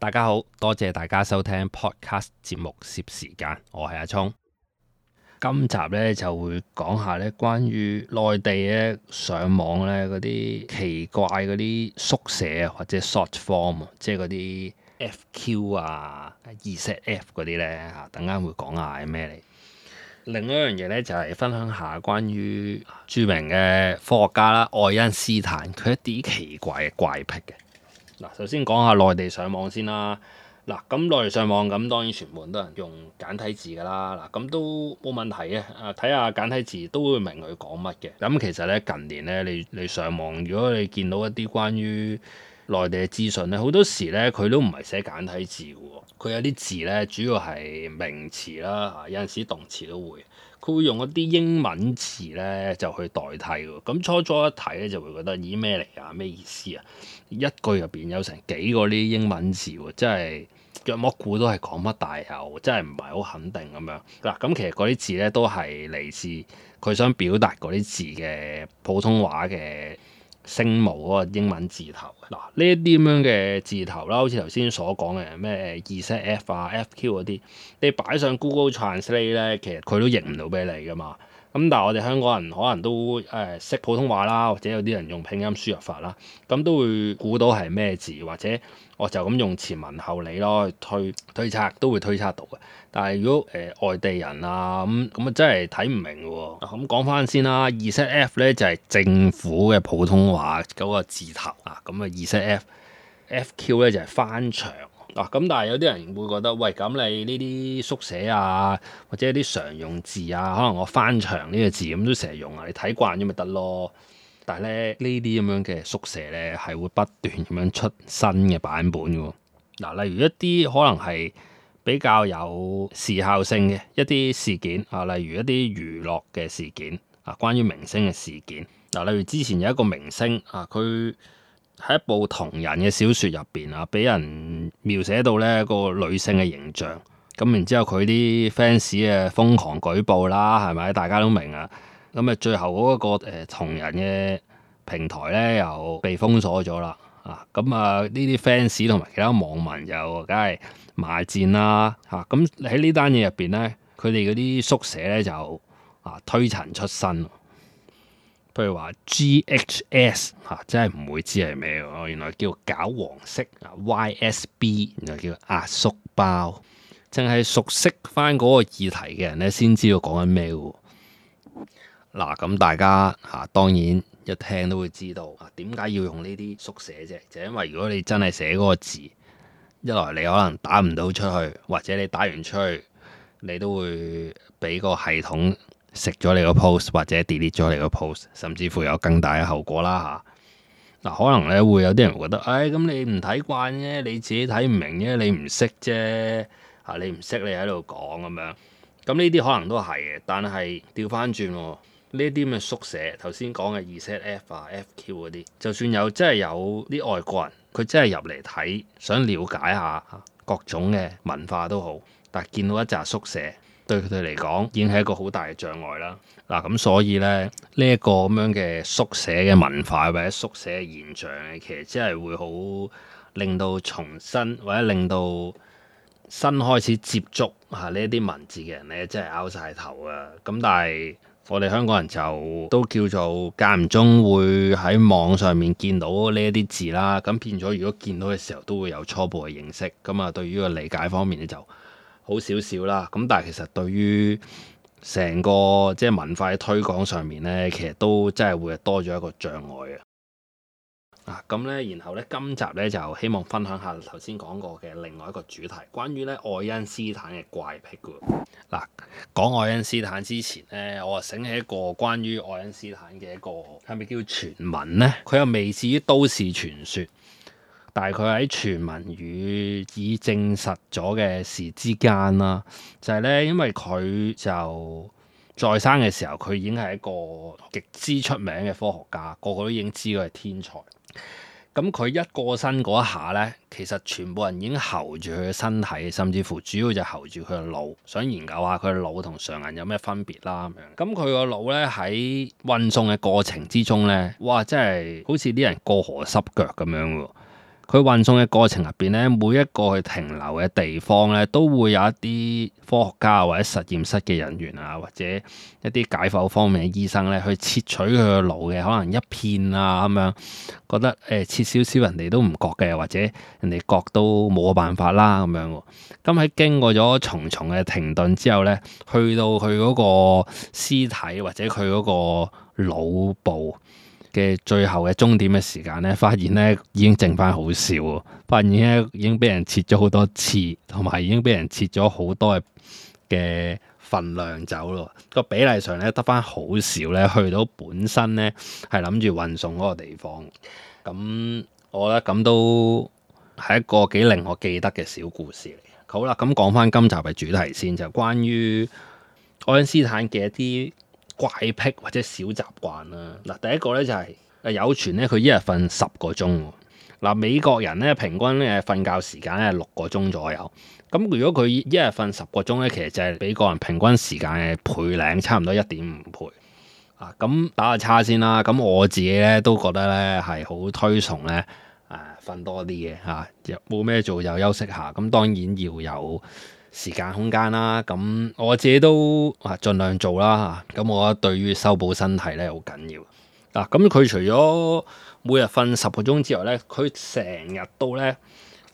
大家好，多謝大家收聽 Podcast 節目攝時間，我係阿聰。今集咧就會講下咧關於內地咧上網咧嗰啲奇怪嗰啲縮寫或者 short form，即係嗰啲 FQ 啊、e s e t F 嗰啲咧吓，等間會講下係咩嚟。另一樣嘢咧就係、是、分享下關於著名嘅科學家啦，愛因斯坦佢一啲奇怪嘅怪癖嘅。嗱，首先講下內地上網先啦。嗱，咁內地上網咁當然全部都係用簡體字㗎啦。嗱，咁都冇問題嘅。誒、啊，睇下簡體字都會明佢講乜嘅。咁其實咧近年咧，你你上網，如果你見到一啲關於內地嘅資訊咧，好多時咧佢都唔係寫簡體字嘅喎，佢有啲字咧主要係名詞啦，有陣時動詞都會，佢會用一啲英文詞咧就去代替喎。咁初初一睇咧就會覺得咦咩嚟啊？咩意思啊？一句入邊有成幾個呢英文字喎，真係若無故都係講乜大有，真係唔係好肯定咁樣嗱。咁其實嗰啲字咧都係嚟自佢想表達嗰啲字嘅普通話嘅。聲母嗰個英文字頭嗱，呢一啲咁樣嘅字頭啦，好似頭先所講嘅咩二聲 F 啊、FQ 嗰啲，你擺上 Google Translate 咧，其實佢都認唔到俾你噶嘛。咁但係我哋香港人可能都誒識普通話啦，或者有啲人用拼音輸入法啦，咁都會估到係咩字，或者我就咁用前文後理咯去推推測，都會推測到嘅。但係如果誒、呃、外地人啊咁咁、哦、啊，真係睇唔明㗎喎。咁講翻先啦，二聲 F 咧就係、是、政府嘅普通話嗰、那個字頭啊，咁啊二聲 F F Q 咧就係、是、翻牆。嗱，咁、啊、但係有啲人會覺得，喂，咁你呢啲縮寫啊，或者啲常用字啊，可能我翻牆呢個字咁都成日用啊，你睇慣咗咪得咯？但係咧呢啲咁樣嘅縮寫呢，係會不斷咁樣出新嘅版本喎。嗱，例如一啲可能係比較有時效性嘅一啲事件啊，例如一啲娛樂嘅事件，啊，事件啊，關於明星嘅事件。嗱、啊，例如之前有一個明星啊，佢。喺一部同人嘅小説入邊啊，俾人描寫到呢個女性嘅形象，咁然之後佢啲 fans 嘅瘋狂舉報啦，係咪？大家都明啊，咁啊最後嗰、那、一個呃、同人嘅平台呢，又被封鎖咗啦，啊，咁啊呢啲 fans 同埋其他網民又梗係罵戰啦，嚇、啊，咁喺呢單嘢入邊呢，佢哋嗰啲縮寫呢，就啊推陳出新。譬如話 GHS 嚇、啊，真係唔會知係咩喎？原來叫搞黃色啊，YSB 原來叫壓縮包，淨係熟悉翻嗰個議題嘅人咧，先知道講緊咩喎？嗱、啊，咁大家嚇、啊、當然一聽都會知道啊，點解要用呢啲縮寫啫？就是、因為如果你真係寫嗰個字，一來你可能打唔到出去，或者你打完出去，你都會俾個系統。食咗你個 post 或者 delete 咗你個 post，甚至乎有更大嘅後果啦吓。嗱、啊，可能咧會有啲人會覺得，唉、哎，咁你唔睇慣啫，你自己睇唔明啫，你唔識啫，吓、啊、你唔識你喺度講咁樣。咁呢啲可能都係嘅，但係調翻轉呢啲咩縮寫，頭先講嘅 reset a 啊，fq 嗰啲，就算有即係有啲外國人，佢真係入嚟睇，想了解下各種嘅文化都好，但係見到一紮縮寫。對佢哋嚟講，已經係一個好大嘅障礙啦。嗱、啊，咁所以咧，呢、這、一個咁樣嘅縮寫嘅文化或者縮寫嘅現象，其實真係會好令到重新或者令到新開始接觸吓呢一啲文字嘅人咧，真係拗晒頭啊！咁但係我哋香港人就都叫做間唔中會喺網上面見到呢一啲字啦。咁變咗，如果見到嘅時候都會有初步嘅認識。咁啊，對於個理解方面咧就。好少少啦，咁但係其實對於成個即係文化嘅推廣上面呢，其實都真係會多咗一個障礙嘅。嗱，咁呢，然後呢，今集呢，就希望分享下頭先講過嘅另外一個主題，關於呢愛因斯坦嘅怪癖。嗱，啊，講愛因斯坦之前呢，我醒起一個關於愛因斯坦嘅一個，係咪叫傳聞呢？佢又未至於都市傳說。但係佢喺傳聞與已證實咗嘅事之間啦，就係咧，因為佢就再生嘅時候，佢已經係一個極之出名嘅科學家，個個都已經知佢係天才。咁佢一過身嗰一下呢，其實全部人已經喉住佢嘅身體，甚至乎主要就喉住佢嘅腦，想研究下佢嘅腦同常人有咩分別啦。咁樣咁佢個腦呢，喺運送嘅過程之中呢，哇！真係好似啲人過河濕腳咁樣喎。佢運送嘅過程入邊呢，每一個去停留嘅地方呢，都會有一啲科學家或者實驗室嘅人員啊，或者一啲解剖方面嘅醫生呢，去切取佢嘅腦嘅，可能一片啊咁樣，覺得誒、呃、切少少人哋都唔覺嘅，或者人哋覺都冇個辦法啦咁樣。咁喺經過咗重重嘅停頓之後呢，去到佢嗰個屍體或者佢嗰個腦部嘅最後嘅終點嘅時間咧，發現咧已經剩翻好少喎，發現咧已經俾人切咗好多次，同埋已經俾人切咗好多嘅份量走咯，個比例上咧得翻好少咧，去到本身咧係諗住運送嗰個地方，咁我覺得咁都係一個幾令我記得嘅小故事嚟。好啦，咁講翻今集嘅主題先就關於愛因斯坦嘅一啲怪癖或者小習慣啦。嗱，第一個咧就係誒有傳咧佢一日瞓十個鐘。嗱，美國人咧平均咧瞓覺時間咧六個鐘左右。咁如果佢一日瞓十個鐘咧，其實就係美國人平均時間嘅倍領，差唔多一點五倍。啊，咁打個叉先啦。咁我自己咧都覺得咧係好推崇咧，誒、啊、瞓多啲嘅嚇，冇、啊、咩做就休息下。咁當然要有。時間空間啦，咁我自己都啊盡量做啦嚇。咁我覺得對於修補身體咧好緊要。嗱、啊，咁佢除咗每日瞓十個鐘之外咧，佢成日都咧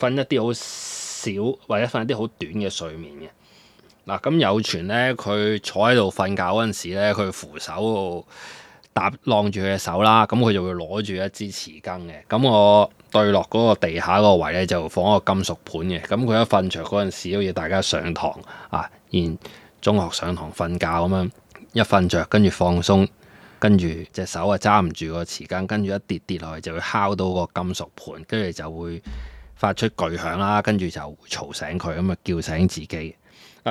瞓一啲好少或者瞓一啲好短嘅睡眠嘅。嗱、啊，咁有傳咧，佢坐喺度瞓覺嗰陣時咧，佢扶手，搭晾住佢嘅手啦，咁佢就會攞住一支匙羹嘅。咁我對落嗰個地下嗰個位咧，就放一個金屬盤嘅。咁佢一瞓着嗰陣時，好似大家上堂啊，然中學上堂瞓覺咁樣，一瞓着跟住放鬆，跟，鬆跟住隻手啊揸唔住個匙羹，跟住一跌跌落去就會敲到個金屬盤，跟住就會發出巨響啦，跟住就嘈醒佢，咁啊叫醒自己。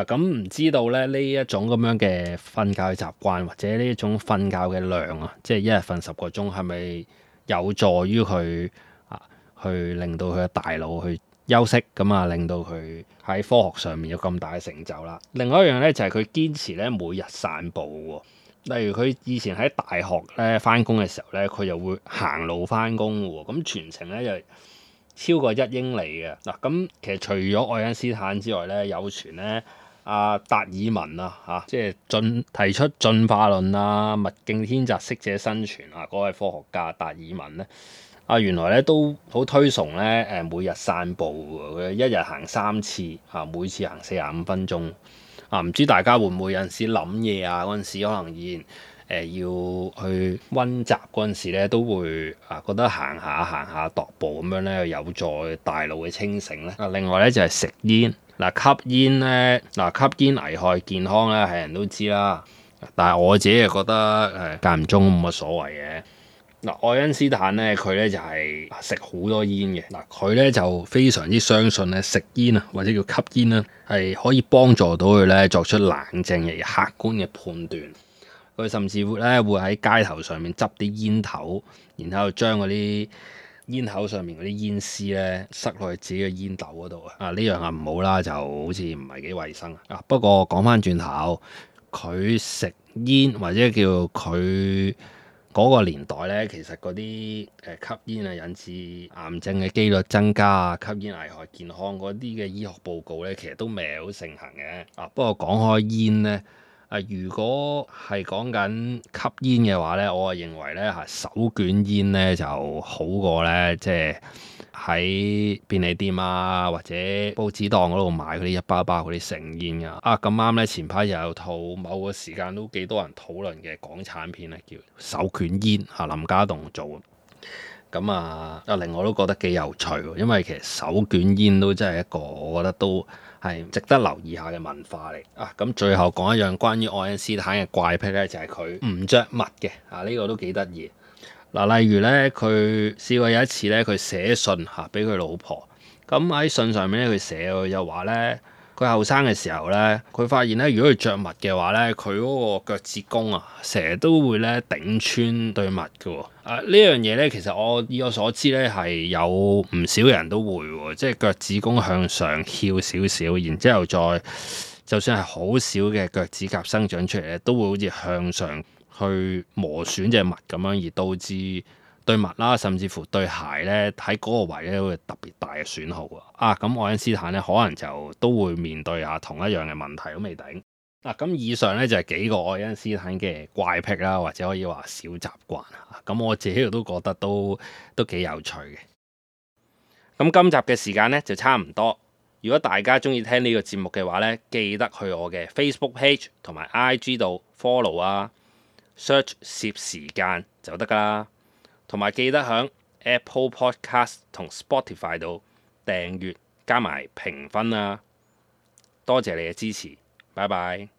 咁唔、啊、知道咧呢一種咁樣嘅瞓覺嘅習慣，或者呢一種瞓覺嘅量啊，即係一日瞓十個鐘，係咪有助於佢啊，去令到佢嘅大腦去休息，咁啊令到佢喺科學上面有咁大嘅成就啦、啊。另外一樣呢，就係、是、佢堅持咧每日散步喎、啊。例如佢以前喺大學咧翻工嘅時候呢，佢又會行路翻工喎。咁、啊、全程呢，就超過一英里嘅。嗱、啊，咁、啊、其實除咗愛因斯坦之外呢，有傳呢。阿達爾文啊，嚇、啊，即係進提出進化論啊，物競天擇，適者生存啊，嗰位科學家達爾文咧，啊，原來咧都好推崇咧，誒，每日散步、啊、一日行三次，嚇、啊，每次行四十五分鐘，啊，唔知大家會唔會有陣時諗嘢啊，嗰陣時可能而。誒要去溫習嗰陣時咧，都會啊覺得行下行下踱步咁樣咧，有助大腦嘅清醒咧。啊，另外咧就係食煙嗱，吸煙咧嗱，吸煙危害健康咧，係人都知啦。但係我自己係覺得誒間唔中冇乜所謂嘅嗱。愛因斯坦咧，佢咧就係食好多煙嘅嗱，佢咧就非常之相信咧食煙啊或者叫吸煙啊，係可以幫助到佢咧作出冷靜而客觀嘅判斷。佢甚至乎咧會喺街頭上面執啲煙頭，然後將嗰啲煙頭上面嗰啲煙絲咧塞落去自己嘅煙斗嗰度啊！啊，呢樣啊唔好啦，就好似唔係幾衞生啊！不過講翻轉頭，佢食煙或者叫佢嗰個年代咧，其實嗰啲誒吸煙啊引致癌症嘅幾率增加啊，吸煙危害健康嗰啲嘅醫學報告咧，其實都未好盛行嘅啊！不過講開煙咧。如果係講緊吸煙嘅話呢，我啊認為咧嚇手捲煙咧就好過咧，即係喺便利店啊或者報紙檔嗰度買嗰啲一包一包嗰啲成煙啊。啊咁啱呢，前排又有套某個時間都幾多人討論嘅港產片咧，叫手捲煙《手捲煙》，嚇林家棟做。咁啊，阿玲、嗯、我都覺得幾有趣喎，因為其實手捲煙都真係一個，我覺得都係值得留意下嘅文化嚟啊。咁、嗯、最後講一樣關於愛因斯坦嘅怪癖咧，就係佢唔着襪嘅啊，呢、這個都幾得意。嗱、啊，例如咧，佢試過有一次咧，佢寫信嚇俾佢老婆，咁喺信上面咧，佢寫佢又話咧。佢後生嘅時候咧，佢發現咧，如果佢着襪嘅話咧，佢嗰個腳趾公啊，成日都會咧頂穿對襪噶。誒、啊，樣呢樣嘢咧，其實我以我所知咧，係有唔少人都會，即係腳趾公向上翹少少，然之後再就算係好少嘅腳趾甲生長出嚟咧，都會好似向上去磨損隻襪咁樣，而導致。對襪啦，甚至乎對鞋咧，喺嗰個位咧會特別大嘅損耗啊！啊，咁愛因斯坦咧，可能就都會面對下同一樣嘅問題都未定。嗱、啊。咁以上咧就係、是、幾個愛因斯坦嘅怪癖啦，或者可以話小習慣啊。咁我自己都覺得都都幾有趣嘅。咁今集嘅時間咧就差唔多。如果大家中意聽呢個節目嘅話咧，記得去我嘅 Facebook page 同埋 IG 度 follow 啊，search 攝時間就得㗎喇。同埋記得喺 Apple Podcast 同 Spotify 度訂閱，加埋評分啊！多謝你嘅支持，拜拜。